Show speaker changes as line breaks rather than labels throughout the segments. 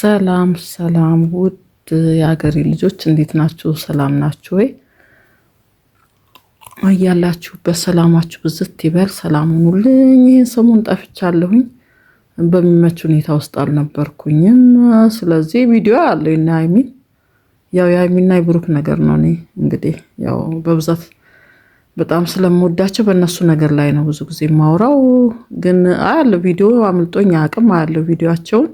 ሰላም ሰላም ውድ የሀገሬ ልጆች እንዴት ናችሁ? ሰላም ናችሁ ወይ? እያላችሁበት ሰላማችሁ ብዝት ይበል። ሰላም ሁኑልኝ። ይህን ሰሞን ጠፍቻለሁኝ፣ በሚመች ሁኔታ ውስጥ አልነበርኩኝም። ስለዚህ ቪዲዮ አለው ና ሀይሚን ያው የሀይሚና የብሩክ ነገር ነው። እኔ እንግዲህ ያው በብዛት በጣም ስለምወዳቸው በእነሱ ነገር ላይ ነው ብዙ ጊዜ የማውራው፣ ግን አያለው ቪዲዮ አምልጦኝ አቅም አያለው ቪዲዮቸውን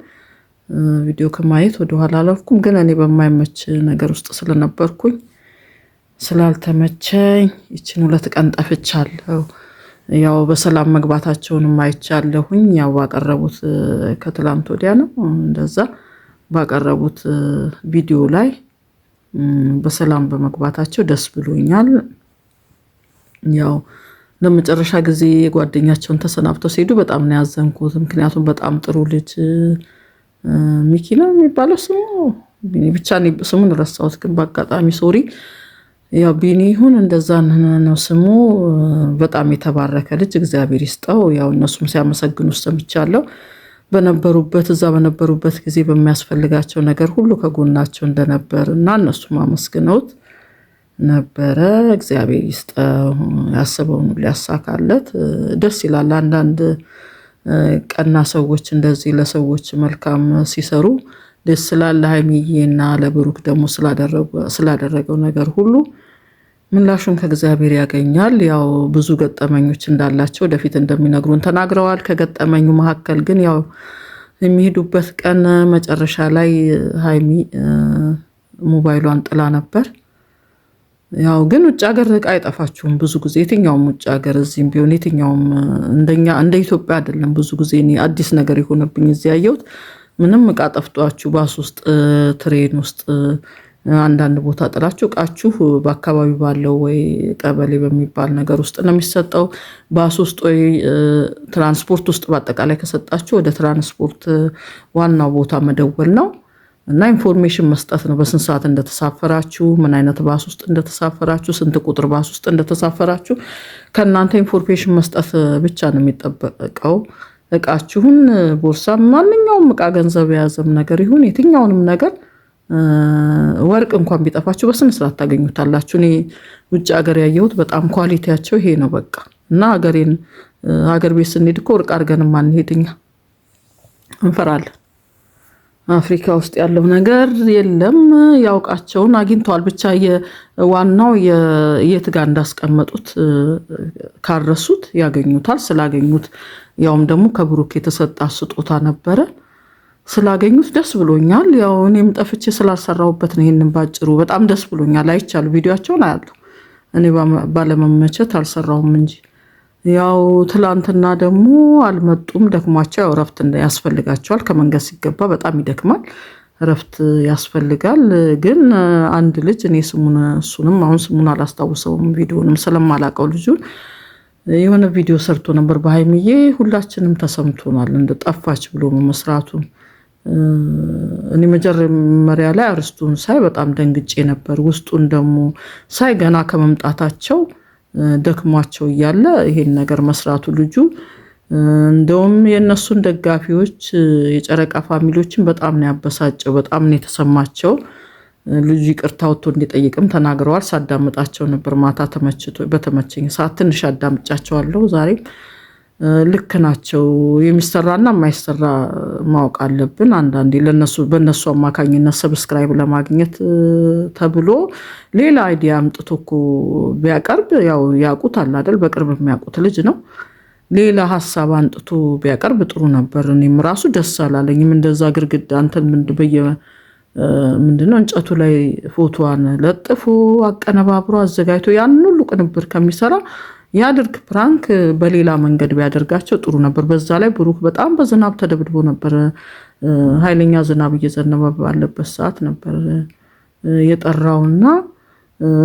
ቪዲዮ ከማየት ወደኋላ አላልኩም፣ ግን እኔ በማይመች ነገር ውስጥ ስለነበርኩኝ ስላልተመቸኝ ይችን ሁለት ቀን ጠፍቻለሁ። ያው በሰላም መግባታቸውንም አይቻለሁኝ። ያው ባቀረቡት ከትላንት ወዲያ ነው እንደዛ ባቀረቡት ቪዲዮ ላይ በሰላም በመግባታቸው ደስ ብሎኛል። ያው ለመጨረሻ ጊዜ ጓደኛቸውን ተሰናብተው ሲሄዱ በጣም ነው ያዘንኩት። ምክንያቱም በጣም ጥሩ ልጅ ሚኪላ የሚባለው ስሙ ብቻ ስሙን ረሳሁት፣ ግን በአጋጣሚ ሶሪ ያው ቢኒ ይሁን እንደዛ ነው ስሙ። በጣም የተባረከ ልጅ እግዚአብሔር ይስጠው። ያው እነሱም ሲያመሰግኑ ሰምቻለሁ። በነበሩበት እዛ በነበሩበት ጊዜ በሚያስፈልጋቸው ነገር ሁሉ ከጎናቸው እንደነበር እና እነሱም አመስግነውት ነበረ። እግዚአብሔር ይስጠው፣ ያስበውን ሊያሳካለት። ደስ ይላል አንዳንድ ቀና ሰዎች እንደዚህ ለሰዎች መልካም ሲሰሩ ደስ ስላለ እና ለብሩክ ደግሞ ስላደረገው ነገር ሁሉ ምላሹን ከእግዚአብሔር ያገኛል። ያው ብዙ ገጠመኞች እንዳላቸው ወደፊት እንደሚነግሩን ተናግረዋል። ከገጠመኙ መካከል ግን ያው የሚሄዱበት ቀን መጨረሻ ላይ ሀይሚ ሞባይሏን ጥላ ነበር። ያው ግን ውጭ ሀገር እቃ አይጠፋችሁም። ብዙ ጊዜ የትኛውም ውጭ ሀገር እዚህም ቢሆን የትኛውም እንደኛ እንደ ኢትዮጵያ አይደለም። ብዙ ጊዜ እኔ አዲስ ነገር የሆነብኝ እዚህ ያየሁት ምንም እቃ ጠፍጧችሁ ባስ ውስጥ፣ ትሬን ውስጥ አንዳንድ ቦታ ጥላችሁ እቃችሁ በአካባቢ ባለው ወይ ቀበሌ በሚባል ነገር ውስጥ ነው የሚሰጠው። ባስ ውስጥ ወይ ትራንስፖርት ውስጥ በአጠቃላይ ከሰጣችሁ ወደ ትራንስፖርት ዋናው ቦታ መደወል ነው። እና ኢንፎርሜሽን መስጠት ነው። በስንት ሰዓት እንደተሳፈራችሁ፣ ምን አይነት ባስ ውስጥ እንደተሳፈራችሁ፣ ስንት ቁጥር ባስ ውስጥ እንደተሳፈራችሁ ከእናንተ ኢንፎርሜሽን መስጠት ብቻ ነው የሚጠበቀው። እቃችሁን፣ ቦርሳም፣ ማንኛውም እቃ ገንዘብ የያዘም ነገር ይሁን የትኛውንም ነገር ወርቅ እንኳን ቢጠፋችሁ በስነ ስርዓት ታገኙታላችሁ። እኔ ውጭ ሀገር ያየሁት በጣም ኳሊቲያቸው ይሄ ነው በቃ እና ሀገሬን ሀገር ቤት ስንሄድ እኮ ወርቅ አድርገን ማንሄድኛ እንፈራለን። አፍሪካ ውስጥ ያለው ነገር የለም። ያውቃቸውን አግኝተዋል። ብቻ ዋናው የት ጋር እንዳስቀመጡት ካረሱት ያገኙታል። ስላገኙት ያውም ደግሞ ከብሩክ የተሰጣ ስጦታ ነበረ። ስላገኙት ደስ ብሎኛል። ያው እኔም ጠፍቼ ስላልሰራሁበት ነው። ይህንን ባጭሩ በጣም ደስ ብሎኛል። አይቻሉ ቪዲዮቸውን አያሉ እኔ ባለመመቸት አልሰራውም እንጂ ያው ትላንትና ደግሞ አልመጡም። ደክሟቸው ያው እረፍት ያስፈልጋቸዋል። ከመንገድ ሲገባ በጣም ይደክማል፣ እረፍት ያስፈልጋል። ግን አንድ ልጅ እኔ ስሙን እሱንም አሁን ስሙን አላስታውሰውም ቪዲዮንም ስለማላቀው ልጁን የሆነ ቪዲዮ ሰርቶ ነበር በሀይሚዬ ሁላችንም ተሰምቶናል እንደ ጠፋች ብሎ መስራቱን እኔ መጀመሪያ ላይ አርስቱን ሳይ በጣም ደንግጬ ነበር። ውስጡን ደግሞ ሳይ ገና ከመምጣታቸው ደክሟቸው እያለ ይሄን ነገር መስራቱ ልጁ እንደውም የእነሱን ደጋፊዎች የጨረቃ ፋሚሊዎችን በጣም ነው ያበሳጨው። በጣም ነው የተሰማቸው። ልጁ ይቅርታ ወጥቶ እንዲጠይቅም ተናግረዋል። ሳዳምጣቸው ነበር ማታ በተመቸኝ ሰዓት ትንሽ አዳምጫቸዋለሁ ዛሬም ልክ ናቸው። የሚሰራና የማይሰራ ማወቅ አለብን። አንዳንዴ ለነሱ በእነሱ አማካኝነት ሰብስክራይብ ለማግኘት ተብሎ ሌላ አይዲያ አምጥቶ እኮ ቢያቀርብ ያው ያውቁት አለ አይደል? በቅርብ የሚያውቁት ልጅ ነው። ሌላ ሀሳብ አንጥቶ ቢያቀርብ ጥሩ ነበር። እኔም ራሱ ደስ አላለኝም። እንደዛ ግርግዳ እንትን በየ ምንድነው እንጨቱ ላይ ፎቶዋን ለጥፎ አቀነባብሮ አዘጋጅቶ ያንን ሁሉ ቅንብር ከሚሰራ ያድርግ ፕራንክ በሌላ መንገድ ቢያደርጋቸው ጥሩ ነበር። በዛ ላይ ብሩክ በጣም በዝናብ ተደብድቦ ነበር። ኃይለኛ ዝናብ እየዘነበ ባለበት ሰዓት ነበር የጠራውና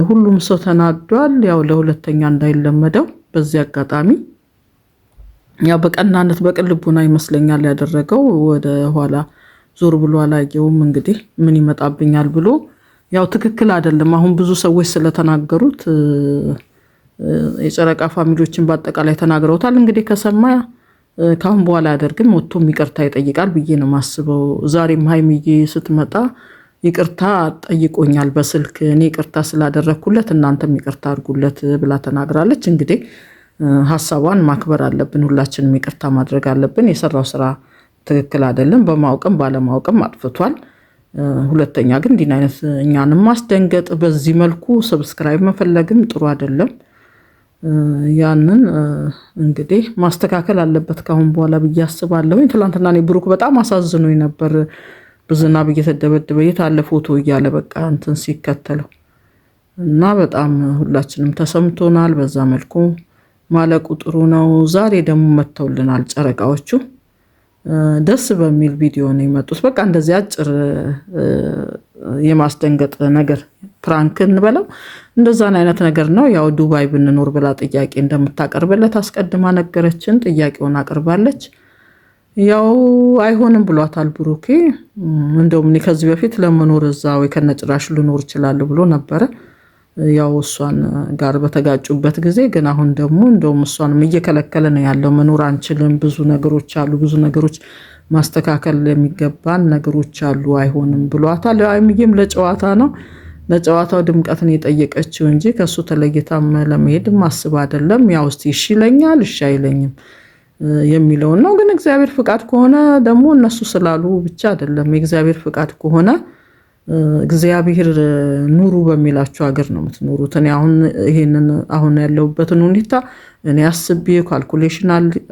ሁሉም ሰው ተናዷል። ያው ለሁለተኛ እንዳይለመደው በዚህ አጋጣሚ ያው በቀናነት በቅን ልቡና ይመስለኛል ያደረገው። ወደ ኋላ ዞር ብሎ አላየውም። እንግዲህ ምን ይመጣብኛል ብሎ ያው ትክክል አይደለም። አሁን ብዙ ሰዎች ስለተናገሩት የጨረቃ ፋሚሊዎችን በአጠቃላይ ተናግረውታል። እንግዲህ ከሰማ ካሁን በኋላ ያደርግም ወጥቶም ይቅርታ ይጠይቃል ብዬ ነው ማስበው። ዛሬም ሀይሚዬ ስትመጣ ይቅርታ ጠይቆኛል በስልክ እኔ ይቅርታ ስላደረግኩለት እናንተም ይቅርታ አድርጉለት ብላ ተናግራለች። እንግዲህ ሀሳቧን ማክበር አለብን፣ ሁላችንም ይቅርታ ማድረግ አለብን። የሰራው ስራ ትክክል አይደለም፣ በማወቅም ባለማወቅም አጥፍቷል። ሁለተኛ ግን እንዲህ አይነት እኛንም ማስደንገጥ በዚህ መልኩ ሰብስክራይብ መፈለግም ጥሩ አይደለም። ያንን እንግዲህ ማስተካከል አለበት ካሁን በኋላ ብዬ አስባለሁኝ። ትላንትና እኔ ብሩክ በጣም አሳዝኖኝ ነበር። ብዝና እየተደበደበ ተደበድበ የታለ ፎቶ እያለ በቃ እንትን ሲከተለው እና በጣም ሁላችንም ተሰምቶናል። በዛ መልኩ ማለቁ ጥሩ ነው። ዛሬ ደግሞ መጥተውልናል ጨረቃዎቹ ደስ በሚል ቪዲዮ ነው የመጡት። በቃ እንደዚህ አጭር የማስደንገጥ ነገር ፕራንክ እንበለው እንደዛን አይነት ነገር ነው። ያው ዱባይ ብንኖር ብላ ጥያቄ እንደምታቀርብለት አስቀድማ ነገረችን። ጥያቄውን አቅርባለች። ያው አይሆንም ብሏታል ብሩኬ። እንደውም እኔ ከዚህ በፊት ለመኖር እዛ ወይ ከነጭራሽ ልኖር ይችላል ብሎ ነበረ። ያው እሷን ጋር በተጋጩበት ጊዜ ግን አሁን ደግሞ እንደውም እሷንም እየከለከለ ነው ያለው። መኖር አንችልም፣ ብዙ ነገሮች አሉ፣ ብዙ ነገሮች ማስተካከል የሚገባን ነገሮች አሉ፣ አይሆንም ብሏታል። ሀይሚዬም ለጨዋታ ነው ለጨዋታው ድምቀትን የጠየቀችው እንጂ ከእሱ ተለይታ ለመሄድ ማስብ አይደለም። ያው እስቲ እሺ ይለኛል እሺ አይለኝም የሚለውን ነው። ግን እግዚአብሔር ፍቃድ ከሆነ ደግሞ እነሱ ስላሉ ብቻ አይደለም። የእግዚአብሔር ፍቃድ ከሆነ እግዚአብሔር ኑሩ በሚላቸው ሀገር ነው የምትኖሩት። እኔ አሁን ይሄንን አሁን ያለሁበትን ሁኔታ እኔ አስቤ ካልኩሌሽን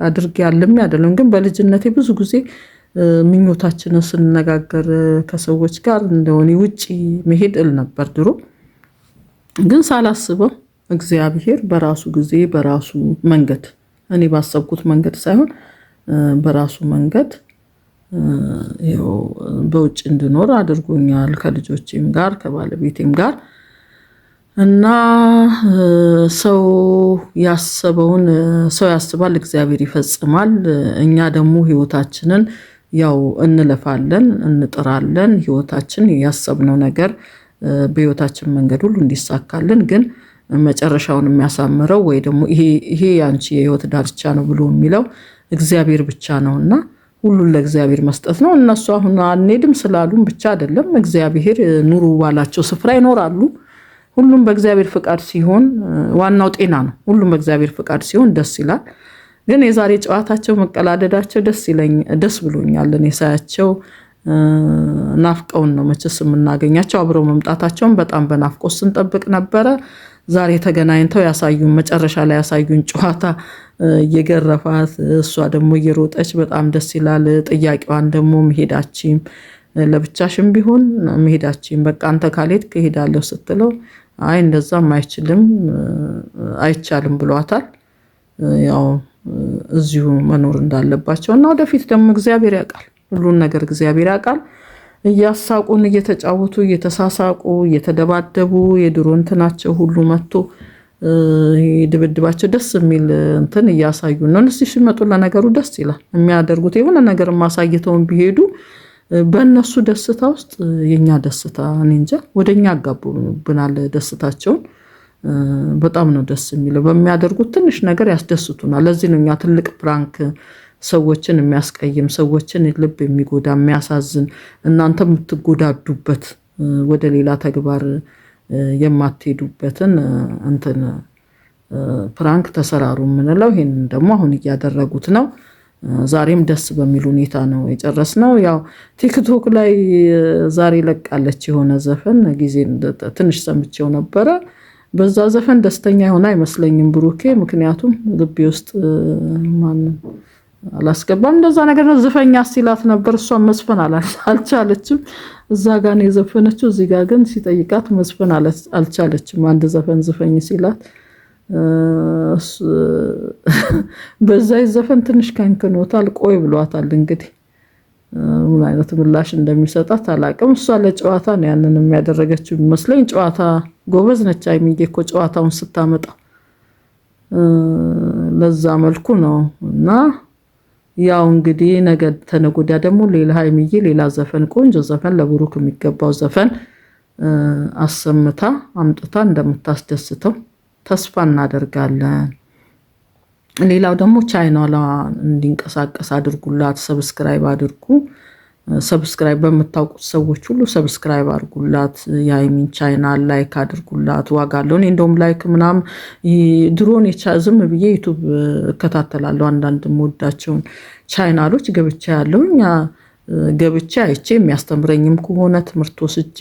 አድርጌ አልሜ ያደለም ግን በልጅነቴ ብዙ ጊዜ ምኞታችንን ስንነጋገር ከሰዎች ጋር እንደሆነ ውጭ መሄድ እል ነበር ድሮ። ግን ሳላስበው እግዚአብሔር በራሱ ጊዜ በራሱ መንገድ እኔ ባሰብኩት መንገድ ሳይሆን በራሱ መንገድ ይኸው በውጭ እንድኖር አድርጎኛል ከልጆቼም ጋር ከባለቤቴም ጋር እና ሰው ያሰበውን ሰው ያስባል፣ እግዚአብሔር ይፈጽማል። እኛ ደግሞ ህይወታችንን ያው እንለፋለን፣ እንጥራለን። ህይወታችን ያሰብነው ነገር በህይወታችን መንገድ ሁሉ እንዲሳካልን ግን መጨረሻውን የሚያሳምረው ወይ ደግሞ ይሄ ያንቺ የህይወት ዳርቻ ነው ብሎ የሚለው እግዚአብሔር ብቻ ነውና ሁሉን ለእግዚአብሔር መስጠት ነው። እነሱ አሁን አንሄድም ስላሉም ብቻ አይደለም። እግዚአብሔር ኑሩ ባላቸው ስፍራ ይኖራሉ። ሁሉም በእግዚአብሔር ፍቃድ ሲሆን ዋናው ጤና ነው። ሁሉም በእግዚአብሔር ፍቃድ ሲሆን ደስ ይላል። ግን የዛሬ ጨዋታቸው መቀላደዳቸው ደስ ብሎኛል። እኔ ሳያቸው ናፍቀውን ነው መቼስ የምናገኛቸው። አብረው መምጣታቸውን በጣም በናፍቆት ስንጠብቅ ነበረ። ዛሬ ተገናኝተው ያሳዩን መጨረሻ ላይ ያሳዩን ጨዋታ እየገረፋት እሷ ደግሞ እየሮጠች በጣም ደስ ይላል። ጥያቄዋን ደግሞ መሄዳችም ለብቻሽም ቢሆን መሄዳችም በቃ አንተ ካሌት ከሄዳለሁ ስትለው አይ እንደዛም አይችልም አይቻልም ብሏታል። ያው እዚሁ መኖር እንዳለባቸው እና ወደፊት ደግሞ እግዚአብሔር ያውቃል፣ ሁሉን ነገር እግዚአብሔር ያውቃል። እያሳቁን እየተጫወቱ እየተሳሳቁ እየተደባደቡ የድሮ እንትናቸው ሁሉ መጥቶ ድብድባቸው ደስ የሚል እንትን እያሳዩ ነው። እነሱ ሲመጡ ለነገሩ ደስ ይላል። የሚያደርጉት የሆነ ነገር ማሳይተውን ቢሄዱ በእነሱ ደስታ ውስጥ የኛ ደስታ እኔ እንጃ ወደ እኛ አጋቡብናል ደስታቸውን። በጣም ነው ደስ የሚለው። በሚያደርጉት ትንሽ ነገር ያስደስቱናል። ለዚህ ነው እኛ ትልቅ ፕራንክ ሰዎችን የሚያስቀይም ሰዎችን ልብ የሚጎዳ የሚያሳዝን እናንተ የምትጎዳዱበት ወደ ሌላ ተግባር የማትሄዱበትን እንትን ፕራንክ ተሰራሩ የምንለው ይህንን ደግሞ አሁን እያደረጉት ነው። ዛሬም ደስ በሚል ሁኔታ ነው የጨረስነው። ያው ቲክቶክ ላይ ዛሬ ለቃለች የሆነ ዘፈን ጊዜ ትንሽ ሰምቼው ነበረ። በዛ ዘፈን ደስተኛ የሆነ አይመስለኝም ብሩኬ፣ ምክንያቱም ልቤ ውስጥ ማንም አላስገባም እንደዛ ነገር ነው። ዝፈኛ ሲላት ነበር። እሷ መዝፈን አልቻለችም። እዛ ጋር ነው የዘፈነችው። እዚህ ጋር ግን ሲጠይቃት መዝፈን አልቻለችም። አንድ ዘፈን ዝፈኝ ሲላት በዛ ዘፈን ትንሽ ከንክኖታል። ቆይ ብሏታል። እንግዲህ ምን አይነት ምላሽ እንደሚሰጣት አላቅም። እሷ ለጨዋታ ነው ያንን የሚያደረገችው ይመስለኝ። ጨዋታ ጎበዝ ነች አይሚዬ እኮ ጨዋታውን ስታመጣ ለዛ መልኩ ነው እና ያው እንግዲህ ነገ ተነጎዳ ደግሞ ሌላ ሀይሚዬ ሌላ ዘፈን ቆንጆ ዘፈን ለብሩክ የሚገባው ዘፈን አሰምታ አምጥታ እንደምታስደስተው ተስፋ እናደርጋለን። ሌላው ደግሞ ቻይናላ እንዲንቀሳቀስ አድርጉላት፣ ሰብስክራይብ አድርጉ። ሰብስክራይብ በምታውቁት ሰዎች ሁሉ ሰብስክራይብ አድርጉላት። የሀይሚን ቻይናል ላይክ አድርጉላት። ዋጋ አለው። እኔ እንደውም ላይክ ምናምን ድሮን ዝም ብዬ ዩቱብ እከታተላለሁ። አንዳንድ የምወዳቸውን ቻይናሎች ገብቻ ያለው እኛ ገብቼ አይቼ የሚያስተምረኝም ከሆነ ትምህርት ወስጄ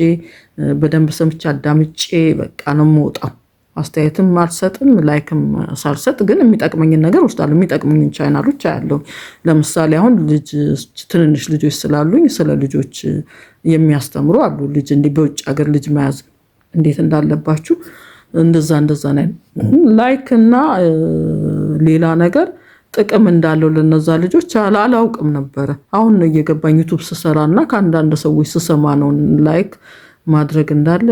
በደንብ ሰምቼ አዳምጬ በቃ ነው የምወጣው። አስተያየትም አልሰጥም ላይክም ሳልሰጥ ግን የሚጠቅመኝን ነገር ወስዳለሁ። የሚጠቅመኝን ቻናሎች አያለሁ። ለምሳሌ አሁን ልጅ ትንንሽ ልጆች ስላሉኝ ስለ ልጆች የሚያስተምሩ አሉ። ልጅ እንዲህ በውጭ ሀገር ልጅ መያዝ እንዴት እንዳለባችሁ እንደዛ እንደዛ ነ ላይክ እና ሌላ ነገር ጥቅም እንዳለው ለነዛ ልጆች አላውቅም ነበረ። አሁን እየገባኝ ዩቱብ ስሰራ እና ከአንዳንድ ሰዎች ስሰማ ነው ላይክ ማድረግ እንዳለ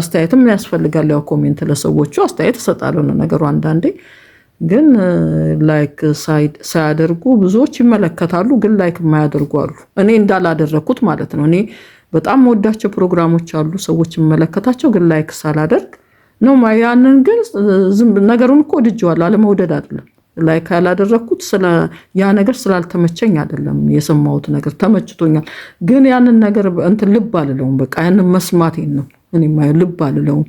አስተያየትም ያስፈልጋል። ያው ኮሜንት ለሰዎቹ አስተያየት እሰጣለሁ ነው ነገሩ። አንዳንዴ ግን ላይክ ሳያደርጉ ብዙዎች ይመለከታሉ፣ ግን ላይክ የማያደርጉ አሉ። እኔ እንዳላደረግኩት ማለት ነው። እኔ በጣም መወዳቸው ፕሮግራሞች አሉ፣ ሰዎች የመለከታቸው ግን ላይክ ሳላደርግ ነው። ያንን ግን ነገሩን እኮ ወድጀዋል፣ አለመውደድ አይደለም። ላይ ካላደረግኩት ያ ነገር ስላልተመቸኝ አይደለም የሰማሁት ነገር ተመችቶኛል፣ ግን ያንን ነገር እንትን ልብ አልለውም። በቃ ያንን መስማቴን ነው እኔ ልብ አልለውም፣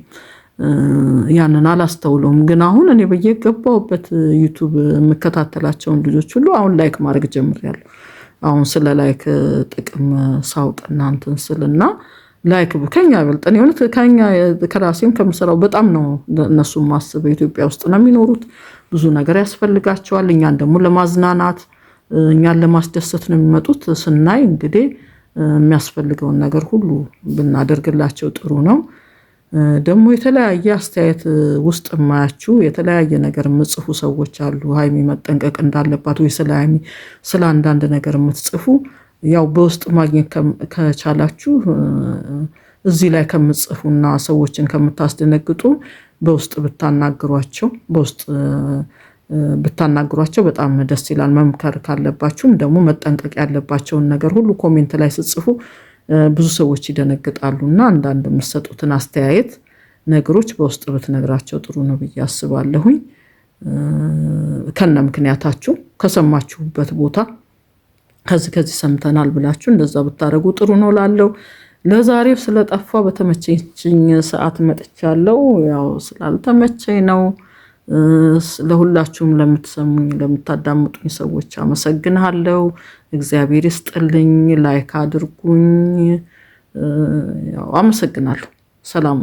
ያንን አላስተውለውም። ግን አሁን እኔ በየገባሁበት ዩቱብ የምከታተላቸውን ልጆች ሁሉ አሁን ላይክ ማድረግ ጀምሬያለሁ። አሁን ስለ ላይክ ጥቅም ሳውቅ እናንትን ስልና ላይክ ከኛ ይበልጠን እኔ እውነት ከኛ ከራሴም ከምሰራው በጣም ነው እነሱ ማስበው። ኢትዮጵያ ውስጥ ነው የሚኖሩት፣ ብዙ ነገር ያስፈልጋቸዋል። እኛን ደግሞ ለማዝናናት እኛን ለማስደሰት ነው የሚመጡት። ስናይ እንግዲህ የሚያስፈልገውን ነገር ሁሉ ብናደርግላቸው ጥሩ ነው። ደግሞ የተለያየ አስተያየት ውስጥ የማያችሁ የተለያየ ነገር የምጽፉ ሰዎች አሉ። ሀይሚ መጠንቀቅ እንዳለባት ወይ ስለ ሀይሚ ስለ አንዳንድ ነገር የምትጽፉ ያው በውስጥ ማግኘት ከቻላችሁ እዚህ ላይ ከምጽፉና ሰዎችን ከምታስደነግጡ በውስጥ ብታናግሯቸው በውስጥ ብታናግሯቸው በጣም ደስ ይላል። መምከር ካለባችሁም ደግሞ መጠንቀቅ ያለባቸውን ነገር ሁሉ ኮሜንት ላይ ስጽፉ ብዙ ሰዎች ይደነግጣሉ እና አንዳንድ የምትሰጡትን አስተያየት ነገሮች በውስጥ ብትነግራቸው ጥሩ ነው ብዬ አስባለሁኝ። ከነ ምክንያታችሁ ከሰማችሁበት ቦታ ከዚህ ከዚህ ሰምተናል ብላችሁ እንደዛ ብታደረጉ ጥሩ ነው። ላለው ለዛሬው ስለጠፋ በተመቸችኝ ሰዓት መጥቻለሁ። ያው ስላልተመቸኝ ነው። ለሁላችሁም ለምትሰሙኝ ለምታዳምጡኝ ሰዎች አመሰግንሃለሁ። እግዚአብሔር ይስጥልኝ። ላይክ አድርጉኝ። አመሰግናለሁ። ሰላም